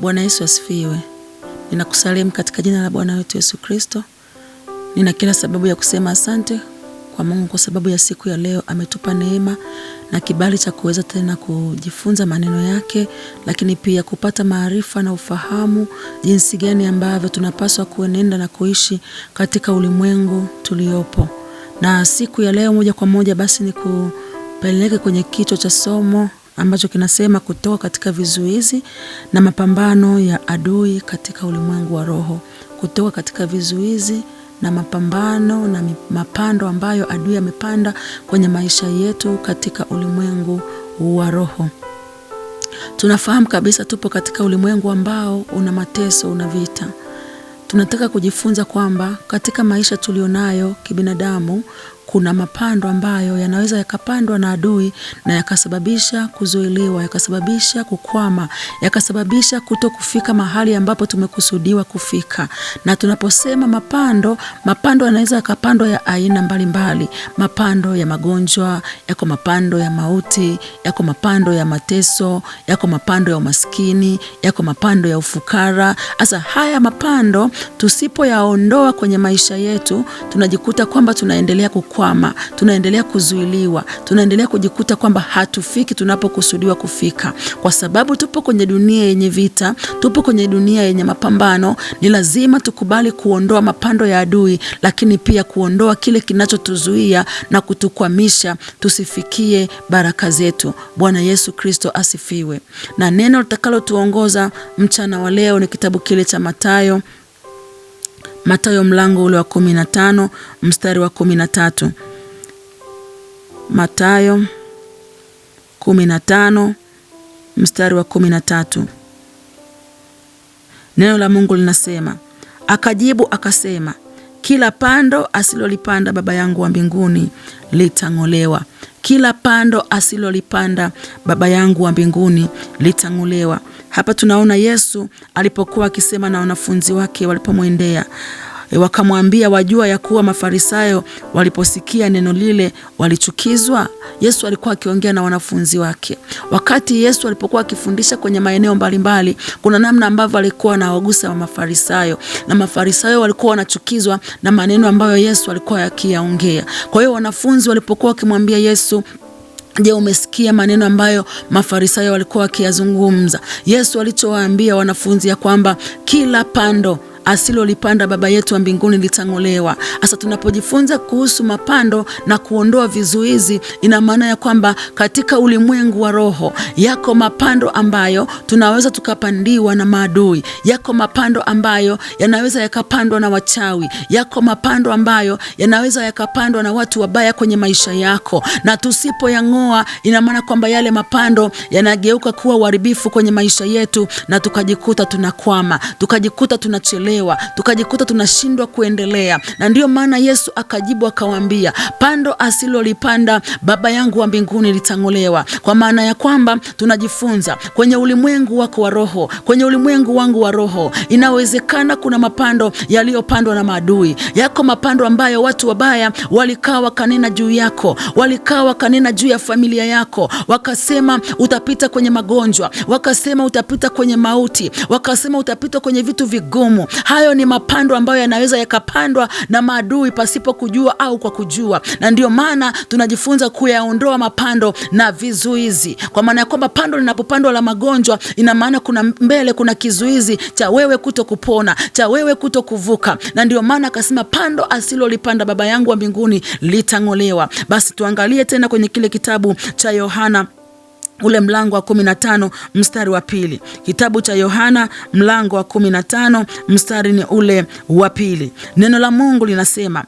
Bwana Yesu asifiwe. Ninakusalimu katika jina la Bwana wetu Yesu Kristo. Nina kila sababu ya kusema asante kwa Mungu kwa sababu ya siku ya leo ametupa neema na kibali cha kuweza tena kujifunza maneno yake, lakini pia kupata maarifa na ufahamu jinsi gani ambavyo tunapaswa kuenenda na kuishi katika ulimwengu tuliopo. Na siku ya leo moja kwa moja basi ni kupeleke kwenye kichwa cha somo ambacho kinasema kutoka katika vizuizi na mapambano ya adui katika ulimwengu wa roho, kutoka katika vizuizi na mapambano na mapando ambayo adui amepanda kwenye maisha yetu katika ulimwengu wa roho. Tunafahamu kabisa tupo katika ulimwengu ambao una mateso, una vita. Tunataka kujifunza kwamba katika maisha tulionayo kibinadamu kuna mapando ambayo yanaweza yakapandwa na adui na yakasababisha kuzuiliwa, yakasababisha kukwama, yakasababisha kuto kufika mahali ambapo tumekusudiwa kufika. Na tunaposema mapando, mapando yanaweza yakapandwa ya aina mbalimbali mbali. Mapando ya magonjwa yako, mapando ya mauti yako, mapando ya mateso yako, mapando ya umaskini yako, mapando ya ufukara. hasa haya mapando tusipoyaondoa kwenye maisha yetu, tunajikuta kwamba tunaendelea kukwama tunakwama, tunaendelea kuzuiliwa, tunaendelea kujikuta kwamba hatufiki tunapokusudiwa kufika, kwa sababu tupo kwenye dunia yenye vita, tupo kwenye dunia yenye mapambano. Ni lazima tukubali kuondoa mapando ya adui, lakini pia kuondoa kile kinachotuzuia na kutukwamisha tusifikie baraka zetu. Bwana Yesu Kristo asifiwe. Na neno litakalotuongoza mchana wa leo ni kitabu kile cha Mathayo matayo mlango ule wa kumi na tano mstari wa kumi na tatu kumi na tano mstari wa kumi na tatu Neno la Mungu linasema, akajibu akasema kila pando asilolipanda Baba yangu wa mbinguni litang'olewa. Kila pando asilolipanda Baba yangu wa mbinguni litang'olewa. Hapa tunaona Yesu alipokuwa akisema na wanafunzi wake walipomwendea E, wakamwambia, wajua ya kuwa Mafarisayo waliposikia neno lile walichukizwa. Yesu alikuwa akiongea na wanafunzi wake. Wakati Yesu alipokuwa akifundisha kwenye maeneo mbalimbali, kuna namna ambavyo alikuwa anawagusa wa Mafarisayo, na Mafarisayo walikuwa wanachukizwa na maneno ambayo Yesu alikuwa akiyaongea. Kwa hiyo wanafunzi walipokuwa wakimwambia Yesu Je, umesikia maneno ambayo Mafarisayo walikuwa wakiyazungumza? Yesu alichowaambia wanafunzi ya kwamba kila pando asilolipanda Baba yetu wa mbinguni litang'olewa. Sasa tunapojifunza kuhusu mapando na kuondoa vizuizi, ina maana ya kwamba katika ulimwengu wa roho yako mapando ambayo tunaweza tukapandiwa na maadui, yako mapando ambayo yanaweza yakapandwa na wachawi, yako mapando ambayo yanaweza yakapandwa na watu wabaya kwenye maisha yako, na tusipoyang'oa, ina maana kwamba yale mapando yanageuka kuwa uharibifu kwenye maisha yetu, na tukajikuta tunakwama, tukajikuta tunachelewa kuolewa, tukajikuta tunashindwa kuendelea. Na ndiyo maana Yesu akajibu akawambia pando asilolipanda Baba yangu wa mbinguni litang'olewa. Kwa maana ya kwamba tunajifunza kwenye ulimwengu wako wa roho, kwenye ulimwengu wangu wa roho, inawezekana kuna mapando yaliyopandwa na maadui yako, mapando ambayo watu wabaya walikaa wakanena juu yako, walikaa wakanena juu ya familia yako, wakasema utapita kwenye magonjwa, wakasema utapita kwenye mauti, wakasema utapita kwenye vitu vigumu, Hayo ni mapando ambayo yanaweza yakapandwa na maadui pasipo kujua au kwa kujua, na ndiyo maana tunajifunza kuyaondoa mapando na vizuizi, kwa maana ya kwamba pando linapopandwa la magonjwa, ina maana kuna mbele kuna kizuizi cha wewe kuto kupona, cha wewe kuto kuvuka, na ndiyo maana akasema pando asilolipanda Baba yangu wa mbinguni litang'olewa. Basi tuangalie tena kwenye kile kitabu cha Yohana ule mlango wa kumi mstari wa pili. Kitabu cha Yohana mlango wa kumi na tano mstari ni ule wa pili. Neno la Mungu linasema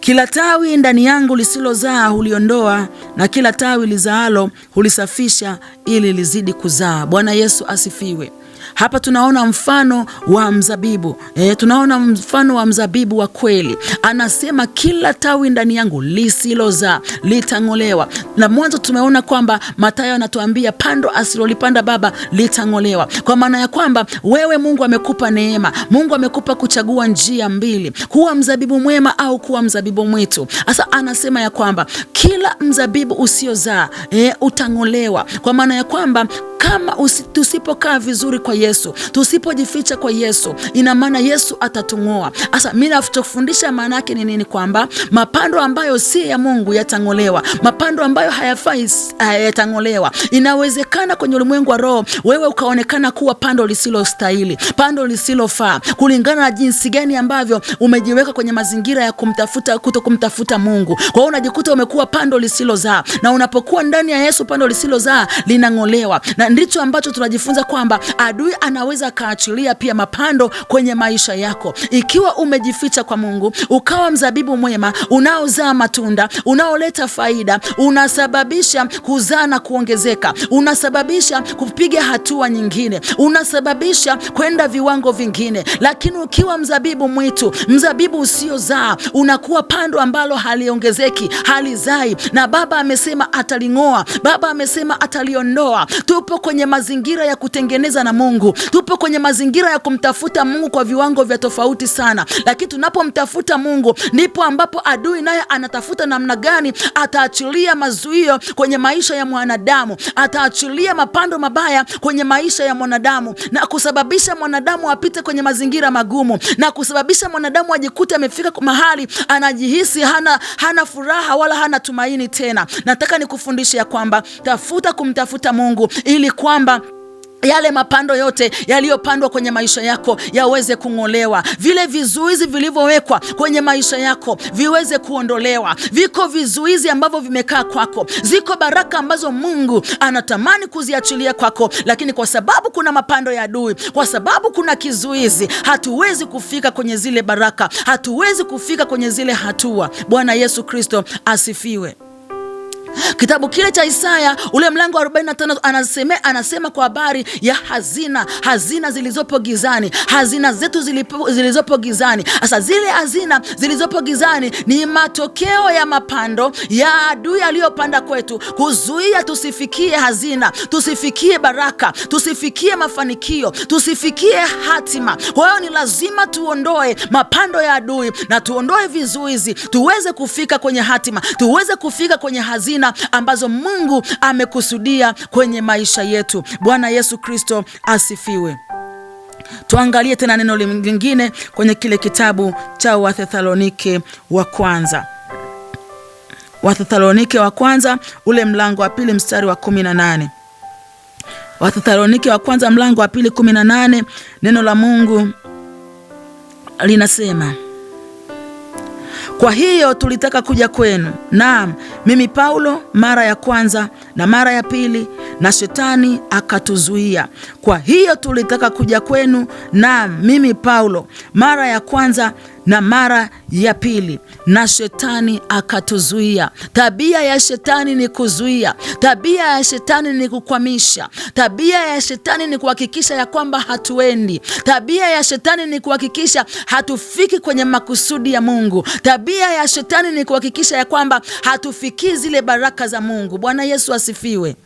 kila tawi ndani yangu lisilozaa huliondoa, na kila tawi lizaalo hulisafisha ili lizidi kuzaa. Bwana Yesu asifiwe. Hapa tunaona mfano wa mzabibu e, tunaona mfano wa mzabibu wa kweli. Anasema kila tawi ndani yangu lisilozaa litang'olewa. Na mwanzo tumeona kwamba Mathayo anatuambia pando asilolipanda Baba litang'olewa, kwa maana ya kwamba wewe, Mungu amekupa neema, Mungu amekupa kuchagua njia mbili, kuwa mzabibu mwema au kuwa mzabibu mwitu. Sasa anasema ya kwamba kila mzabibu usiozaa e, utang'olewa, kwa maana ya kwamba kama tusipokaa vizuri kwa kwa Yesu, tusipojificha kwa Yesu, ina maana Yesu atatung'oa. Sasa mimi nachofundisha maana yake ni nini? Kwamba mapando ambayo si ya Mungu yatang'olewa, mapando ambayo hayafai eh, yatang'olewa. Inawezekana kwenye ulimwengu wa roho wewe ukaonekana kuwa pando lisilostahili, pando lisilofaa, kulingana na jinsi gani ambavyo umejiweka kwenye mazingira ya kumtafuta, kuto kumtafuta Mungu. Kwa hiyo unajikuta umekuwa pando lisilozaa, na unapokuwa ndani ya Yesu, pando lisilozaa linang'olewa, na ndicho ambacho tunajifunza kwamba adui anaweza akaachilia pia mapando kwenye maisha yako. Ikiwa umejificha kwa Mungu, ukawa mzabibu mwema unaozaa matunda, unaoleta faida, unasababisha kuzaa na kuongezeka, unasababisha kupiga hatua nyingine, unasababisha kwenda viwango vingine. Lakini ukiwa mzabibu mwitu, mzabibu usiozaa, unakuwa pando ambalo haliongezeki, halizai, na Baba amesema ataling'oa, Baba amesema ataliondoa. Tupo kwenye mazingira ya kutengeneza na Mungu. Mungu. Tupo kwenye mazingira ya kumtafuta Mungu kwa viwango vya tofauti sana, lakini tunapomtafuta Mungu ndipo ambapo adui naye anatafuta namna gani ataachilia mazuio kwenye maisha ya mwanadamu, ataachilia mapando mabaya kwenye maisha ya mwanadamu na kusababisha mwanadamu apite kwenye mazingira magumu na kusababisha mwanadamu ajikute amefika mahali anajihisi hana, hana furaha wala hana tumaini tena. Nataka nikufundishe ya kwamba tafuta kumtafuta Mungu ili kwamba yale mapando yote yaliyopandwa kwenye maisha yako yaweze kung'olewa, vile vizuizi vilivyowekwa kwenye maisha yako viweze kuondolewa. Viko vizuizi ambavyo vimekaa kwako, ziko baraka ambazo Mungu anatamani kuziachilia kwako, lakini kwa sababu kuna mapando ya adui, kwa sababu kuna kizuizi, hatuwezi kufika kwenye zile baraka, hatuwezi kufika kwenye zile hatua. Bwana Yesu Kristo asifiwe. Kitabu kile cha Isaya ule mlango wa 45 anasema, anasema kwa habari ya hazina, hazina zilizopo gizani, hazina zetu zilipo, zilizopo gizani. Sasa zile hazina zilizopo gizani ni matokeo ya mapando ya adui aliyopanda kwetu kuzuia tusifikie hazina, tusifikie baraka, tusifikie mafanikio, tusifikie hatima. Kwa hiyo ni lazima tuondoe mapando ya adui na tuondoe vizuizi, tuweze kufika kwenye hatima, tuweze kufika kwenye hazina hazina ambazo Mungu amekusudia kwenye maisha yetu. Bwana Yesu Kristo asifiwe. Tuangalie tena neno lingine kwenye kile kitabu cha Wathesalonike wa kwanza Wathesalonike wa kwanza ule mlango wa pili mstari wa kumi na nane Wathesalonike wa kwanza mlango wa pili kumi na nane neno la Mungu linasema kwa hiyo tulitaka kuja kwenu. Naam, mimi Paulo mara ya kwanza na mara ya pili, na shetani akatuzuia. Kwa hiyo tulitaka kuja kwenu. Naam, mimi Paulo mara ya kwanza na mara ya pili, na shetani akatuzuia. Tabia ya shetani ni kuzuia, tabia ya shetani ni kukwamisha, tabia ya shetani ni kuhakikisha ya kwamba hatuendi, tabia ya shetani ni kuhakikisha hatufiki kwenye makusudi ya Mungu, tabia ya shetani ni kuhakikisha ya kwamba hatufikii zile baraka za Mungu. Bwana Yesu asifiwe.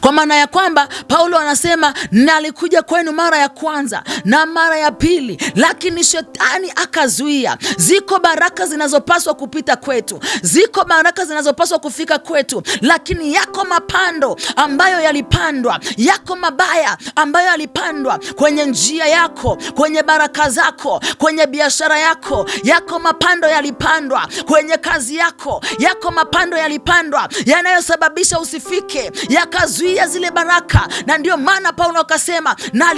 Kwa maana ya kwamba Paulo anasema nalikuja kwenu mara ya kwanza na mara ya pili, lakini shetani akazuia. Ziko baraka zinazopaswa kupita kwetu, ziko baraka zinazopaswa kufika kwetu, lakini yako mapando ambayo yalipandwa, yako mabaya ambayo yalipandwa kwenye njia yako, kwenye baraka zako, kwenye biashara yako, yako mapando yalipandwa kwenye kazi yako, yako mapando yalipandwa yanayosababisha usifike yaka akazuia zile baraka, na ndio maana Paulo akasema na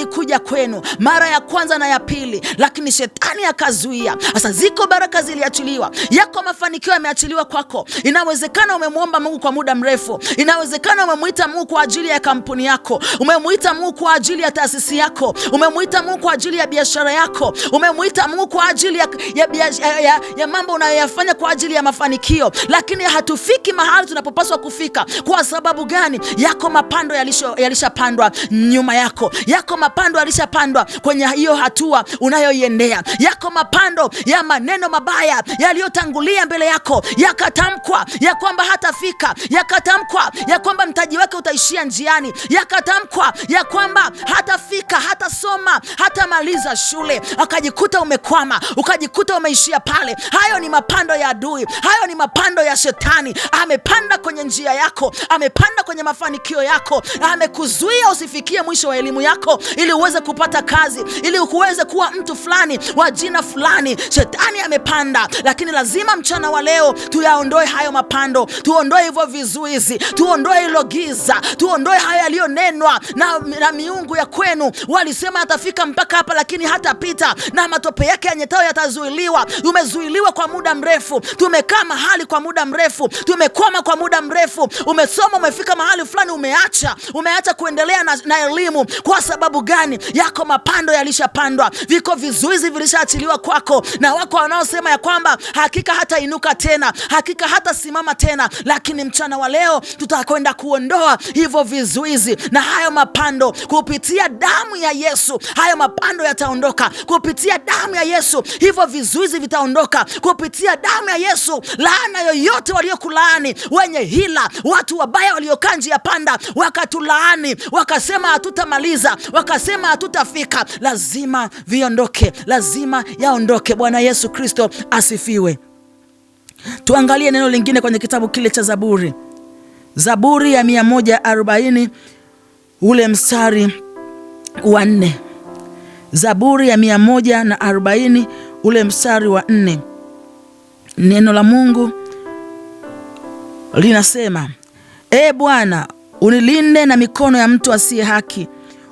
kwenu mara ya kwanza na ya pili, lakini shetani akazuia. Sasa ziko baraka ziliachiliwa, yako mafanikio yameachiliwa kwako. Inawezekana umemwomba Mungu kwa muda mrefu, inawezekana umemwita Mungu kwa ajili ya kampuni yako, umemwita Mungu kwa ajili ya taasisi yako, umemwita Mungu kwa ajili ya biashara yako, umemwita Mungu kwa ajili ya, ya, ya, ya, ya mambo unayoyafanya kwa ajili ya mafanikio, lakini hatufiki mahali tunapopaswa kufika. Kwa sababu gani? ya yako mapando yalishapandwa nyuma yako, yako mapando yalishapandwa kwenye hiyo hatua unayoiendea, yako mapando ya maneno mabaya yaliyotangulia mbele yako, yakatamkwa ya kwamba hatafika, yakatamkwa ya kwamba mtaji wake utaishia njiani, yakatamkwa ya kwamba hatafika, hatasoma, hatamaliza shule, akajikuta umekwama, ukajikuta umeishia pale. Hayo ni mapando ya adui, hayo ni mapando ya shetani. Amepanda kwenye njia yako, amepanda kwenye mafanikio mafanikio yako, amekuzuia usifikie mwisho wa elimu yako ili uweze kupata kazi, ili uweze kuwa mtu fulani wa jina fulani. Shetani amepanda, lakini lazima mchana wa leo tuyaondoe hayo mapando, tuondoe hivyo vizuizi, tuondoe hilo giza, tuondoe hayo yaliyonenwa na, na miungu ya kwenu. Walisema atafika mpaka hapa, lakini hatapita, na matope yake nyetao yatazuiliwa. umezuiliwa kwa muda mrefu, tumekaa mahali kwa muda mrefu, tumekwama kwa muda mrefu, umesoma umefika mahali fulani gani umeacha umeacha kuendelea na, na elimu? Kwa sababu gani? Yako mapando yalishapandwa, viko vizuizi vilishaachiliwa kwako, na wako wanaosema ya kwamba hakika hata inuka tena, hakika hata simama tena. Lakini mchana wa leo tutakwenda kuondoa hivyo vizuizi na hayo mapando kupitia damu ya Yesu. Hayo mapando yataondoka kupitia damu ya Yesu, hivyo vizuizi vitaondoka kupitia damu ya Yesu. Laana yoyote waliokulaani, wenye hila, watu wabaya waliokaa njia wakatupanda, wakatulaani, wakasema hatutamaliza, wakasema hatutafika. Lazima viondoke, lazima yaondoke. Bwana Yesu Kristo asifiwe. Tuangalie neno lingine kwenye kitabu kile cha Zaburi, Zaburi ya 140 ule mstari wa nne. Zaburi ya 140 ule mstari wa nne, neno la Mungu linasema: E Bwana, unilinde na mikono ya mtu asiye haki,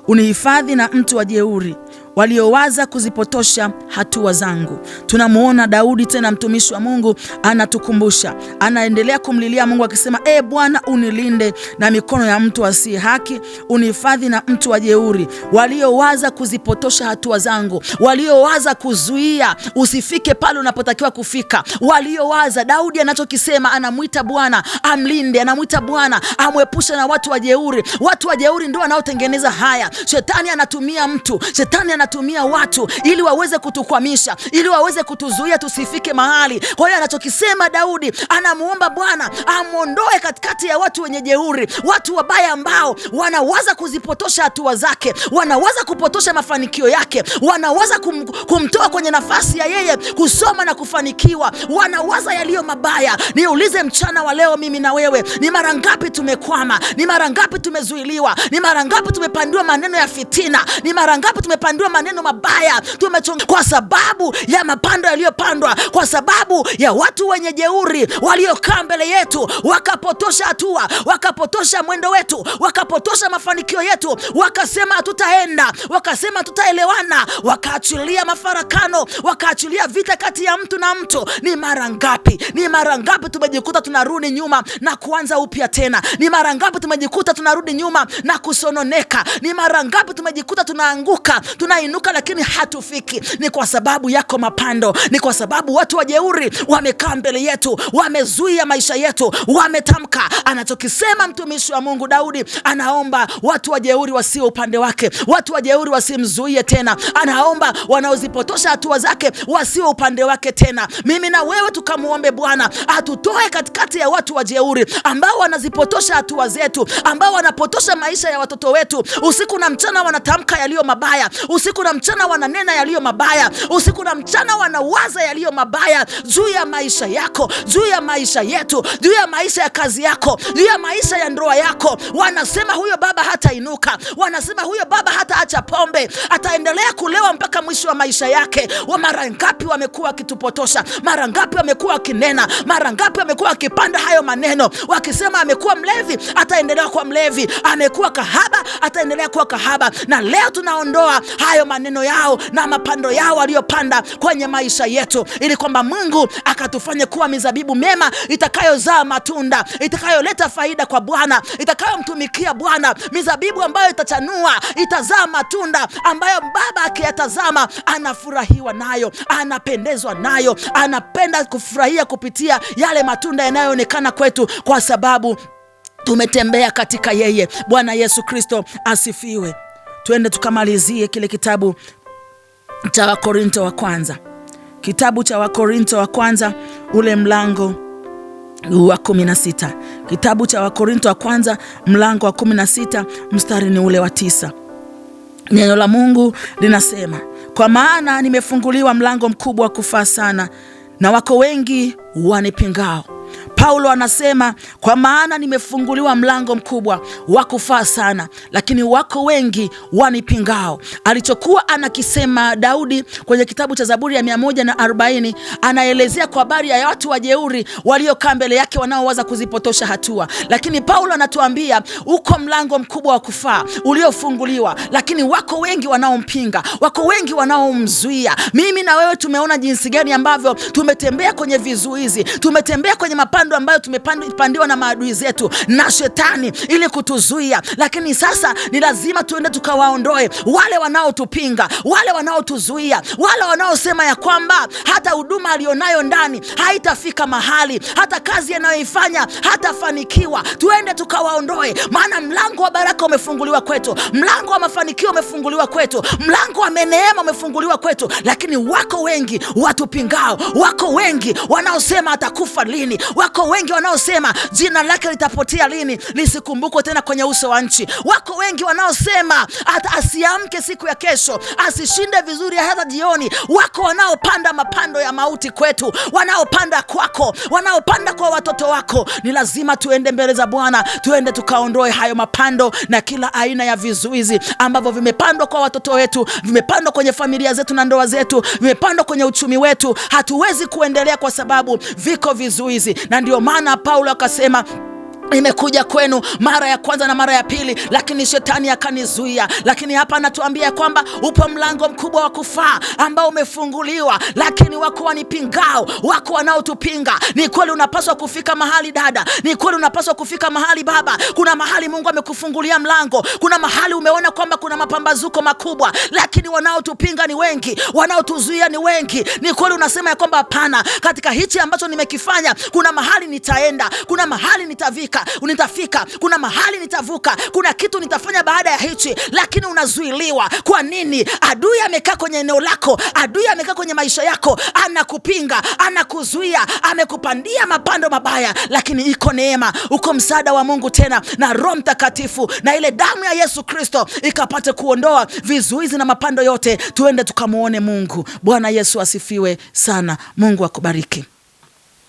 unihifadhi na mtu wa jeuri, waliowaza kuzipotosha hatua zangu. Tunamwona Daudi tena mtumishi wa Mungu anatukumbusha, anaendelea kumlilia Mungu akisema, e Bwana, unilinde na mikono ya mtu asiye haki, unihifadhi na mtu wa jeuri, waliowaza kuzipotosha hatua zangu, waliowaza kuzuia usifike pale unapotakiwa kufika, waliowaza. Daudi anachokisema, anamwita Bwana amlinde, anamwita Bwana amwepushe na watu wa jeuri. Watu wa jeuri ndio wanaotengeneza haya. Shetani anatumia mtu, shetani anatumia anatumia watu ili waweze kutukwamisha, ili waweze kutuzuia tusifike mahali. Kwa hiyo anachokisema Daudi, anamwomba Bwana amwondoe katikati ya watu wenye jeuri, watu wabaya ambao wanawaza kuzipotosha hatua zake, wanawaza kupotosha mafanikio yake, wanawaza kum, kumtoa kwenye nafasi ya yeye kusoma na kufanikiwa, wanawaza yaliyo mabaya. Niulize mchana wa leo, mimi na wewe, ni mara ngapi tumekwama? Ni mara ngapi tumezuiliwa? Ni mara ngapi tumepandiwa maneno ya fitina? Ni mara ngapi tumepandiwa maneno mabaya, tumechunga kwa sababu ya mapando yaliyopandwa, kwa sababu ya watu wenye jeuri waliokaa mbele yetu, wakapotosha hatua, wakapotosha mwendo wetu, wakapotosha mafanikio yetu, wakasema hatutaenda, wakasema hatutaelewana, wakaachilia mafarakano, wakaachilia vita kati ya mtu na mtu. Ni mara ngapi, ni mara ngapi tumejikuta tunarudi nyuma na kuanza upya tena? Ni mara ngapi tumejikuta tunarudi nyuma na kusononeka? Ni mara ngapi tumejikuta tunaanguka tuna tunainuka lakini hatufiki, ni kwa sababu yako mapando, ni kwa sababu watu wajeuri wamekaa mbele yetu, wamezuia maisha yetu, wametamka. Anachokisema mtumishi wa Mungu Daudi, anaomba watu wajeuri wasio upande wake, watu wajeuri wasimzuie tena, anaomba wanaozipotosha hatua zake wasio upande wake tena. Mimi na wewe tukamwombe Bwana atutoe katikati ya watu wajeuri ambao wanazipotosha hatua zetu, ambao wanapotosha maisha ya watoto wetu, usiku na mchana wanatamka yaliyo mabaya usiku usiku na mchana wananena yaliyo mabaya, usiku na mchana wanawaza yaliyo mabaya juu ya maisha yako, juu ya maisha yetu, juu ya maisha ya kazi yako, juu ya maisha ya ndoa yako. Wanasema huyo baba hatainuka, wanasema huyo baba hataacha pombe, ataendelea kulewa mpaka mwisho wa maisha yake. Wa mara ngapi wamekuwa wakitupotosha, mara ngapi wamekuwa wakinena, mara ngapi wamekuwa wakipanda hayo maneno, wakisema amekuwa mlevi, ataendelea kuwa mlevi, amekuwa kahaba, ataendelea kuwa kahaba, na leo tunaondoa hayo hayo maneno yao na mapando yao waliyopanda kwenye maisha yetu, ili kwamba Mungu akatufanye kuwa mizabibu mema itakayozaa matunda, itakayoleta faida kwa Bwana, itakayomtumikia Bwana, mizabibu ambayo itachanua, itazaa matunda ambayo Baba akiyatazama anafurahiwa nayo, anapendezwa nayo, anapenda kufurahia kupitia yale matunda yanayoonekana kwetu kwa sababu tumetembea katika yeye. Bwana Yesu Kristo asifiwe. Twende tukamalizie kile kitabu cha Wakorinto wa kwanza, kitabu cha Wakorinto wa kwanza ule mlango wa 16 sita kitabu cha Wakorinto wa kwanza mlango wa 16 sita mstari ni ule wa tisa. Neno la Mungu linasema, kwa maana nimefunguliwa mlango mkubwa wa kufaa sana, na wako wengi wanipingao Paulo anasema kwa maana nimefunguliwa mlango mkubwa wa kufaa sana, lakini wako wengi wanipingao. Alichokuwa anakisema Daudi kwenye kitabu cha Zaburi ya 140 anaelezea kwa habari ya watu wajeuri waliokaa mbele yake wanaowaza kuzipotosha hatua, lakini Paulo anatuambia uko mlango mkubwa wa kufaa uliofunguliwa, lakini wako wengi wanaompinga, wako wengi wanaomzuia. Mimi na wewe tumeona jinsi gani ambavyo tumetembea kwenye vizuizi, tumetembea kwenye mapando mapando ambayo tumepandiwa na maadui zetu na shetani ili kutuzuia, lakini sasa ni lazima tuende tukawaondoe wale wanaotupinga, wale wanaotuzuia, wale wanaosema ya kwamba hata huduma aliyonayo ndani haitafika mahali, hata kazi anayoifanya hatafanikiwa. Tuende tukawaondoe, maana mlango wa baraka umefunguliwa kwetu, mlango wa mafanikio umefunguliwa kwetu, mlango wa meneema umefunguliwa kwetu, lakini wako wengi watupingao, wako wengi wanaosema atakufa lini, wako Wako wengi wanaosema jina lake litapotea lini, lisikumbukwe tena kwenye uso wa nchi. Wako wengi wanaosema hata asiamke siku ya kesho, asishinde vizuri hata jioni. Wako wanaopanda mapando ya mauti kwetu, wanaopanda kwako, wanaopanda kwa watoto wako. Ni lazima tuende mbele za Bwana, tuende tukaondoe hayo mapando na kila aina ya vizuizi ambavyo vimepandwa kwa watoto wetu, vimepandwa kwenye familia zetu na ndoa zetu, vimepandwa kwenye uchumi wetu. Hatuwezi kuendelea kwa sababu viko vizuizi na ndio maana Paulo akasema imekuja kwenu mara ya kwanza na mara ya pili, lakini shetani akanizuia. Lakini hapa anatuambia kwamba upo mlango mkubwa wa kufaa ambao umefunguliwa, lakini wako wanipingao, wako wanaotupinga. Ni kweli unapaswa kufika mahali dada, ni kweli unapaswa kufika mahali baba. Kuna mahali Mungu amekufungulia mlango, kuna mahali umeona kwamba kuna mapambazuko makubwa, lakini wanaotupinga ni wengi, wanaotuzuia ni wengi. Ni kweli unasema ya kwamba hapana, katika hichi ambacho nimekifanya, kuna mahali nitaenda, kuna mahali nitavika nitafika, nitafika, kuna mahali nitavuka, kuna kitu nitafanya baada ya hichi, lakini unazuiliwa. Kwa nini? Adui amekaa kwenye eneo lako, adui amekaa kwenye maisha yako, anakupinga, anakuzuia, amekupandia mapando mabaya, lakini iko neema, uko msaada wa Mungu tena na Roho Mtakatifu na ile damu ya Yesu Kristo ikapate kuondoa vizuizi na mapando yote, tuende tukamwone Mungu. Bwana Yesu asifiwe sana. Mungu akubariki.